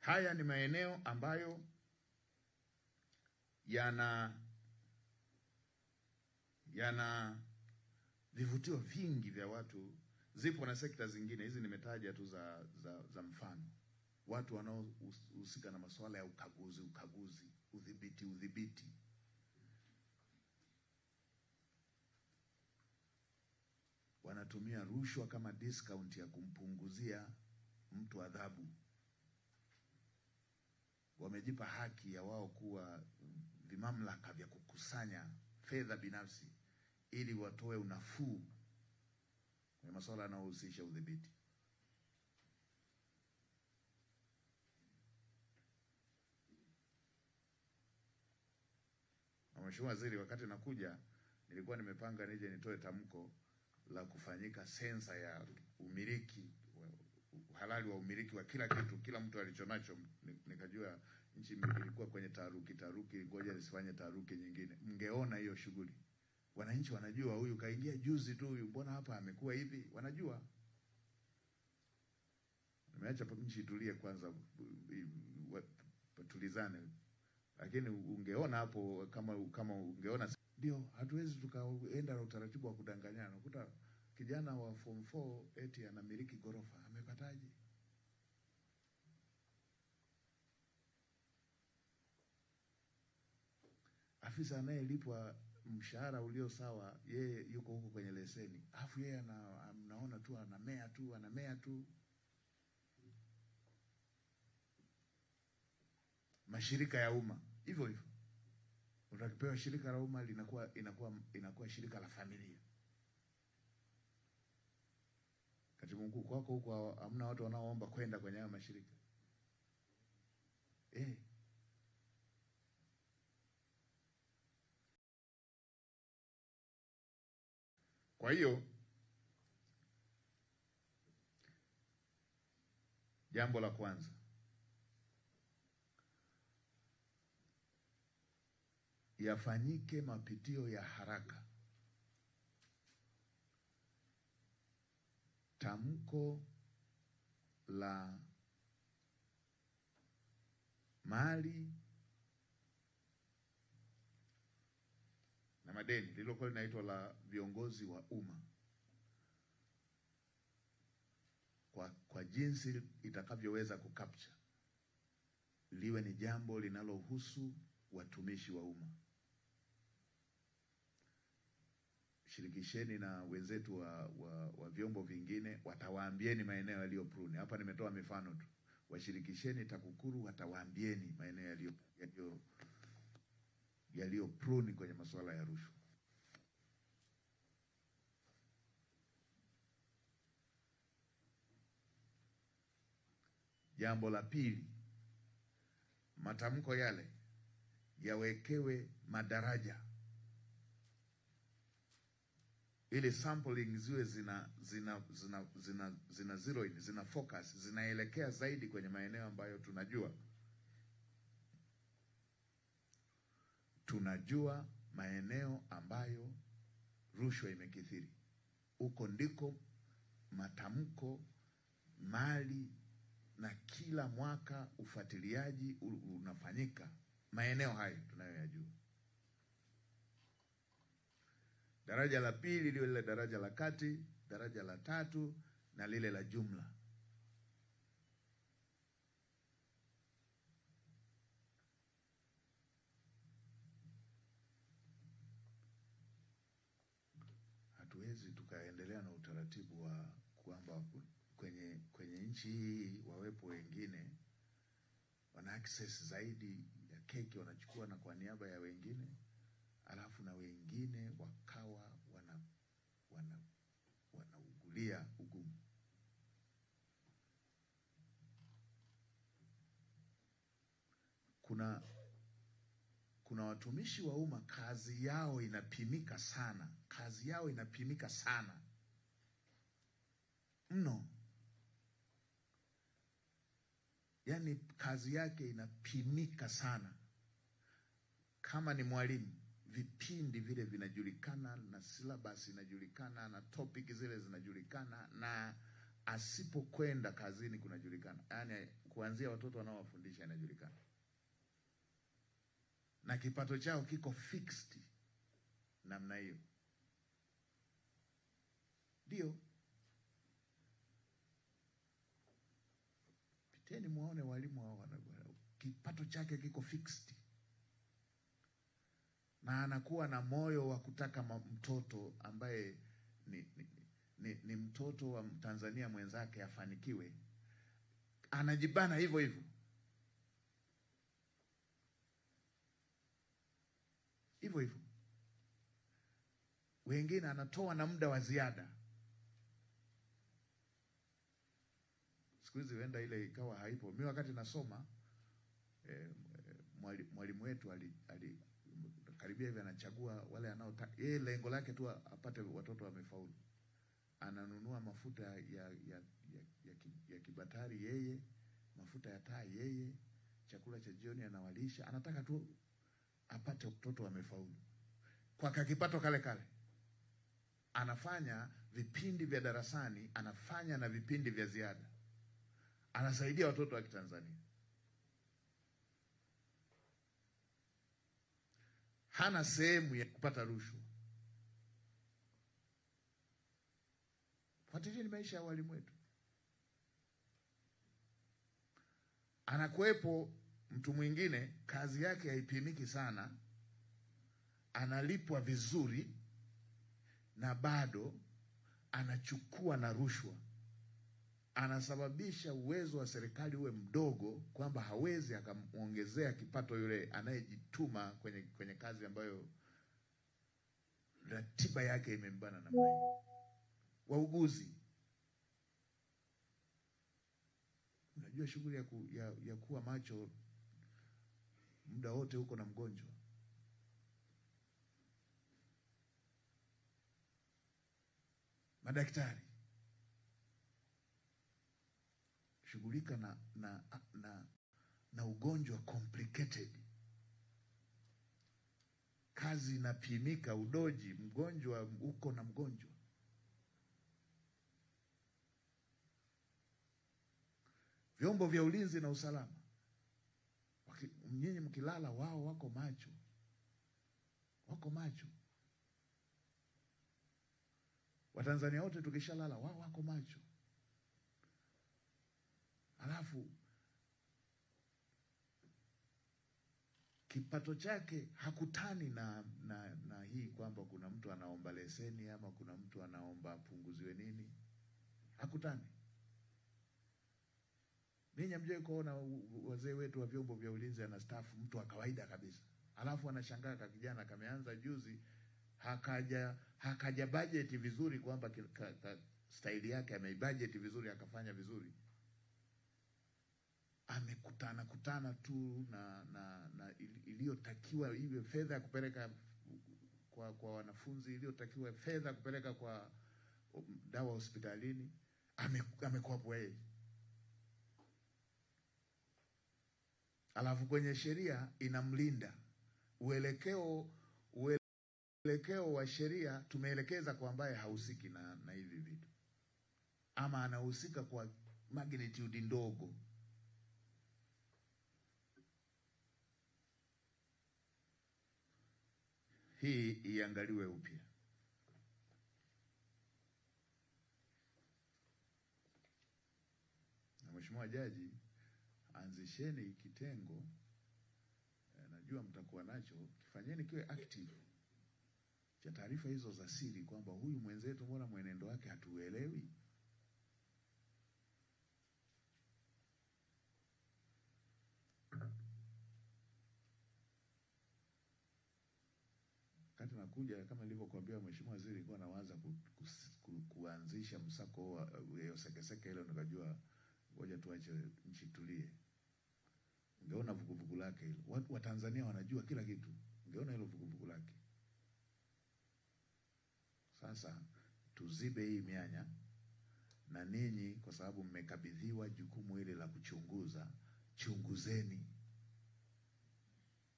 Haya ni maeneo ambayo yana yana vivutio vingi vya watu. Zipo na sekta zingine, hizi nimetaja tu za, za, za mfano, watu wanaohusika na masuala ya ukaguzi, ukaguzi, udhibiti, udhibiti. Wanatumia rushwa kama discount ya kumpunguzia mtu adhabu wamejipa haki ya wao kuwa vimamlaka vya kukusanya fedha binafsi ili watoe unafuu kwenye masuala yanayohusisha udhibiti. Na Mheshimiwa Waziri, wakati nakuja nilikuwa nimepanga nije nitoe tamko la kufanyika sensa ya umiliki uhalali wa umiliki wa kila kitu, kila mtu alichonacho. Nikajua nchi ilikuwa kwenye taharuki, taharuki, ngoja nisifanye taharuki nyingine. Mngeona hiyo shughuli, wananchi wanajua, huyu kaingia juzi tu, huyu mbona hapa amekuwa hivi? Wanajua. Nimeacha nchi itulie kwanza, patulizane, lakini ungeona hapo kama kama ungeona, ndio hatuwezi tukaenda na utaratibu wa kudanganyana, unakuta kijana wa form 4 eti anamiliki ghorofa amepataje? Afisa anayelipwa mshahara ulio sawa, yeye yuko huko kwenye leseni, alafu yeye anaona tu anamea tu anamea tu. Mashirika ya umma hivyo hivyo, utakipewa shirika la umma linakuwa inakuwa inakuwa shirika la familia. Katibu mkuu, kwako huko hamna watu wanaoomba kwenda kwenye haya mashirika eh? Kwa hiyo jambo la kwanza yafanyike mapitio ya haraka tamko la mali na madeni lililokuwa linaitwa la viongozi wa umma kwa, kwa jinsi itakavyoweza kukapcha liwe ni jambo linalohusu watumishi wa umma. shirikisheni na wenzetu wa, wa, wa vyombo vingine, watawaambieni maeneo yaliyo pruni. Hapa nimetoa mifano tu, washirikisheni TAKUKURU watawaambieni maeneo yaliyo yaliyo yaliyo pruni kwenye masuala ya rushwa. Jambo la pili, matamko yale yawekewe madaraja ili sampling ziwe zina zina zina zina zina zero in, zina focus zinaelekea zaidi kwenye maeneo ambayo tunajua tunajua maeneo ambayo rushwa imekithiri. Huko ndiko matamko, mali na kila mwaka ufuatiliaji unafanyika maeneo hayo tunayoyajua daraja la pili liwe lile daraja la kati, daraja la tatu na lile la jumla. Hatuwezi tukaendelea na utaratibu wa kwamba kwenye, kwenye nchi hii wawepo wengine wana access zaidi ya keki wanachukua na kwa niaba ya wengine alafu na wengine wakawa wana wana wanaugulia ugumu. Kuna kuna watumishi wa umma kazi yao inapimika sana, kazi yao inapimika sana mno, yaani kazi yake inapimika sana. Kama ni mwalimu vipindi vile vinajulikana na syllabus inajulikana na topic zile zinajulikana na asipokwenda kazini kunajulikana, yaani kuanzia watoto wanaowafundisha inajulikana na kipato chao kiko fixed namna hiyo. Ndio, piteni muone walimu hao, kipato chake kiko fixed na anakuwa na moyo wa kutaka mtoto ambaye ni, ni, ni, ni mtoto wa Mtanzania mwenzake afanikiwe, anajibana hivyo hivyo. hivyo hivyo, wengine anatoa na muda wa ziada. Siku hizi huenda ile ikawa haipo. Mi wakati nasoma eh, eh mwalimu wetu ali, ali karibia hivi anachagua wale anaotaka yeye, lengo lake tu apate watoto wamefaulu. Ananunua mafuta ya ya, ya, ya, ya kibatari yeye, mafuta ya taa yeye, chakula cha jioni anawalisha, anataka tu apate watoto wamefaulu kwa kakipato kale kale. Anafanya vipindi vya darasani, anafanya na vipindi vya ziada, anasaidia watoto wa Kitanzania. hana sehemu ya kupata rushwa. Fuatilieni maisha ya walimu wetu. Anakuwepo mtu mwingine kazi yake haipimiki sana, analipwa vizuri na bado anachukua na rushwa anasababisha uwezo wa serikali uwe mdogo, kwamba hawezi akamwongezea kipato yule anayejituma kwenye, kwenye kazi ambayo ratiba yake imembana na Wauguzi, unajua shughuli ya, ku, ya, ya kuwa macho muda wote huko na mgonjwa madaktari kushughulika na, na, na, na ugonjwa complicated. Kazi inapimika, udoji mgonjwa uko na mgonjwa. Vyombo vya ulinzi na usalama, nyinyi mkilala, wao wako macho, wako macho. Watanzania wote tukishalala, wao wako macho alafu kipato chake hakutani na, na, na hii kwamba kuna mtu anaomba leseni ama kuna mtu anaomba apunguziwe nini, hakutani. Ninyi hamjawahi kuona wazee wetu wa vyombo vya ulinzi staff, mtu wa kawaida kabisa, alafu anashangaa ka kijana kameanza juzi hakaja hakaja bajeti vizuri kwamba staili yake ameibajeti vizuri akafanya vizuri amekutana kutana tu na, na, na iliyotakiwa iwe fedha ya kupeleka kwa, kwa wanafunzi, iliyotakiwa fedha kupeleka kwa um, dawa hospitalini amekuwa bwei. Alafu kwenye sheria inamlinda uelekeo, uelekeo wa sheria tumeelekeza kwa ambaye hahusiki na, na hivi vitu ama anahusika kwa magnitude ndogo. hii iangaliwe upya. Na Mheshimiwa Jaji, anzisheni kitengo, eh, najua mtakuwa nacho, kifanyeni kiwe active cha taarifa hizo za siri, kwamba huyu mwenzetu, mbona mwenendo wake hatuuelewi. tumekuja kama nilivyokuambia Mheshimiwa Waziri, nilikuwa nawaza ku, ku, ku, kuanzisha msako huo sekeseke ile, nikajua ngoja tuache nchi tulie. Ngeona vuguvugu lake hilo, watu wa Tanzania wanajua kila kitu, ngeona hilo vuguvugu lake. Sasa tuzibe hii mianya, na ninyi kwa sababu mmekabidhiwa jukumu ile la kuchunguza, chunguzeni,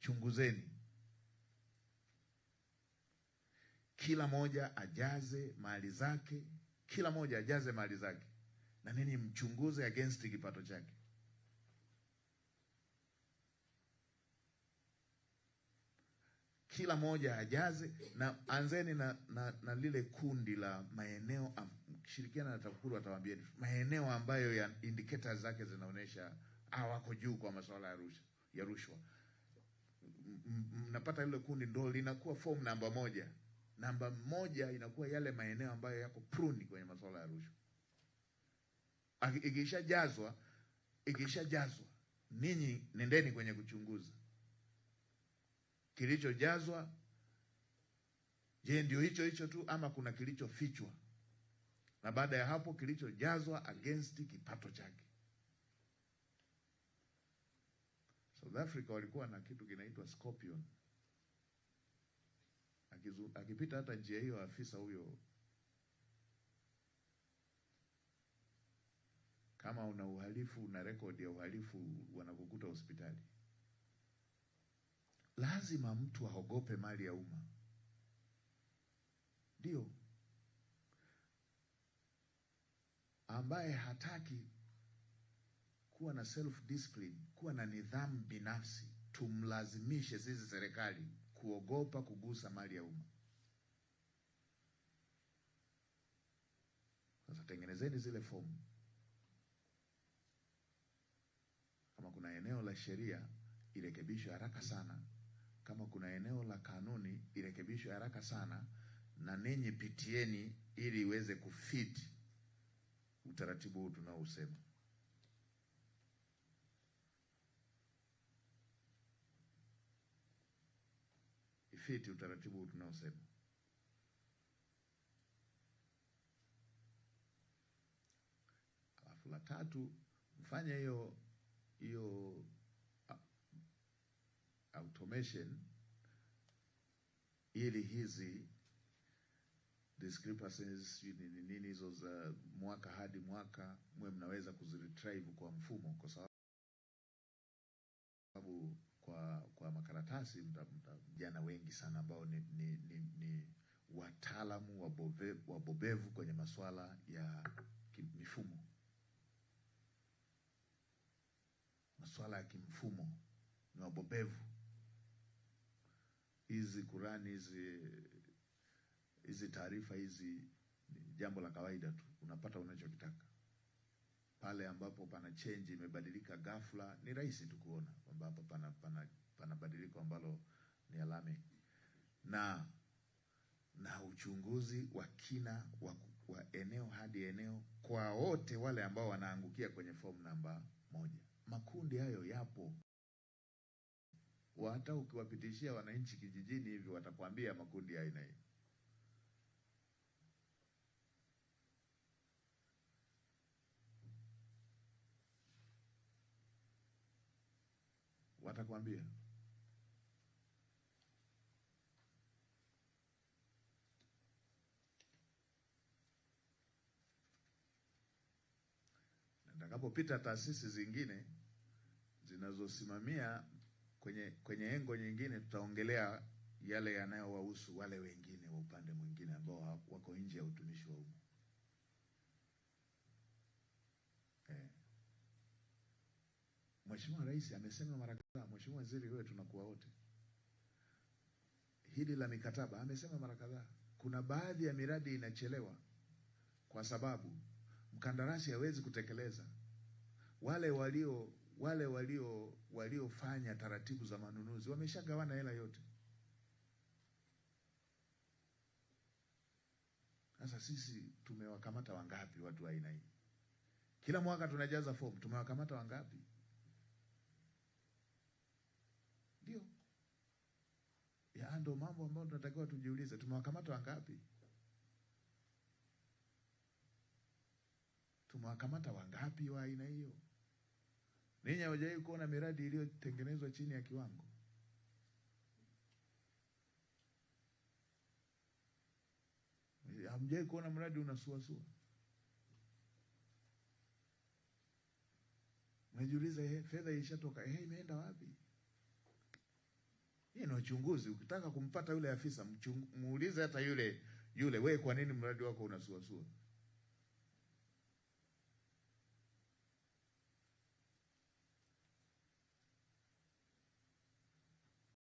chunguzeni kila moja ajaze mali zake, kila moja ajaze mali zake, na nini, mchunguze against kipato chake. Kila moja ajaze, na anzeni na, na, na lile kundi la maeneo, kishirikiana na TAKUKURU atawaambia maeneo ambayo ya indicators zake zinaonyesha hawako juu kwa masuala ya rushwa ya rushwa. Mnapata lile kundi, ndo linakuwa form namba moja namba moja inakuwa yale maeneo ambayo yako pruni kwenye masuala ya rushwa. Ikishajazwa, ikishajazwa, ninyi nendeni kwenye kuchunguza kilichojazwa. Je, ndio hicho hicho tu ama kuna kilichofichwa? Na baada ya hapo kilichojazwa against kipato chake. South Africa walikuwa na kitu kinaitwa Scorpion akipita hata njia hiyo afisa huyo, kama una uhalifu na rekodi ya uhalifu, wanakukuta hospitali. Lazima mtu aogope mali ya umma, ndio ambaye hataki kuwa na self discipline, kuwa na nidhamu binafsi, tumlazimishe sisi serikali kuogopa kugusa mali ya umma. Sasa tengenezeni zile fomu, kama kuna eneo la sheria irekebishwe haraka sana, kama kuna eneo la kanuni irekebishwe haraka sana, na ninyi pitieni ili iweze kufiti utaratibu huu tunaousema. fiti utaratibu huu tunaosema. Alafu la tatu, mfanye hiyo hiyo ah, automation ili hizi discrepancies ni nini hizo za mwaka hadi mwaka mwe mnaweza kuziretrieve kwa mfumo kwa sababu karatasi vijana wengi sana ambao ni, ni, ni, ni wataalamu wabove, wabobevu kwenye masuala ya mifumo, masuala ya kimfumo ni wabobevu. Hizi Kurani hizi hizi taarifa hizi ni jambo la kawaida tu, unapata unachokitaka pale ambapo pana change imebadilika ghafla, ni rahisi tu kuona kwamba hapa pana, pana, pana badiliko ambalo ni alami na na uchunguzi wa kina wa, wa eneo hadi eneo kwa wote wale ambao wanaangukia kwenye fomu namba moja. Makundi hayo yapo, hata ukiwapitishia wananchi kijijini hivi watakwambia makundi ya aina hii. atakwambia. Nitakapopita taasisi zingine zinazosimamia kwenye kwenye engo nyingine, tutaongelea yale yanayowahusu wale wengine wa upande mwingine ambao wako nje ya utumishi wa umma. Mheshimiwa Rais amesema mara kadhaa, Mheshimiwa Waziri wewe, tunakuwa wote. Hili la mikataba amesema mara kadhaa, kuna baadhi ya miradi inachelewa kwa sababu mkandarasi hawezi kutekeleza. Wale walio wale walio waliofanya taratibu za manunuzi wameshagawana hela yote. Sasa sisi tumewakamata wangapi watu wa aina hii? Kila mwaka tunajaza fomu, tumewakamata wangapi? Haya ah, ndo mambo ambayo tunatakiwa tujiulize, tumewakamata wangapi? Tumewakamata wangapi wa aina hiyo? Ninyi hawajawahi kuona miradi iliyotengenezwa chini ya kiwango? Hamjawahi kuona mradi unasuasua? Unajiuliza, eh, fedha ilishatoka, hey, eh, imeenda wapi? Hii ni uchunguzi. Ukitaka kumpata yule afisa, muulize hata yule yule, wewe, kwa nini mradi wako unasuasua?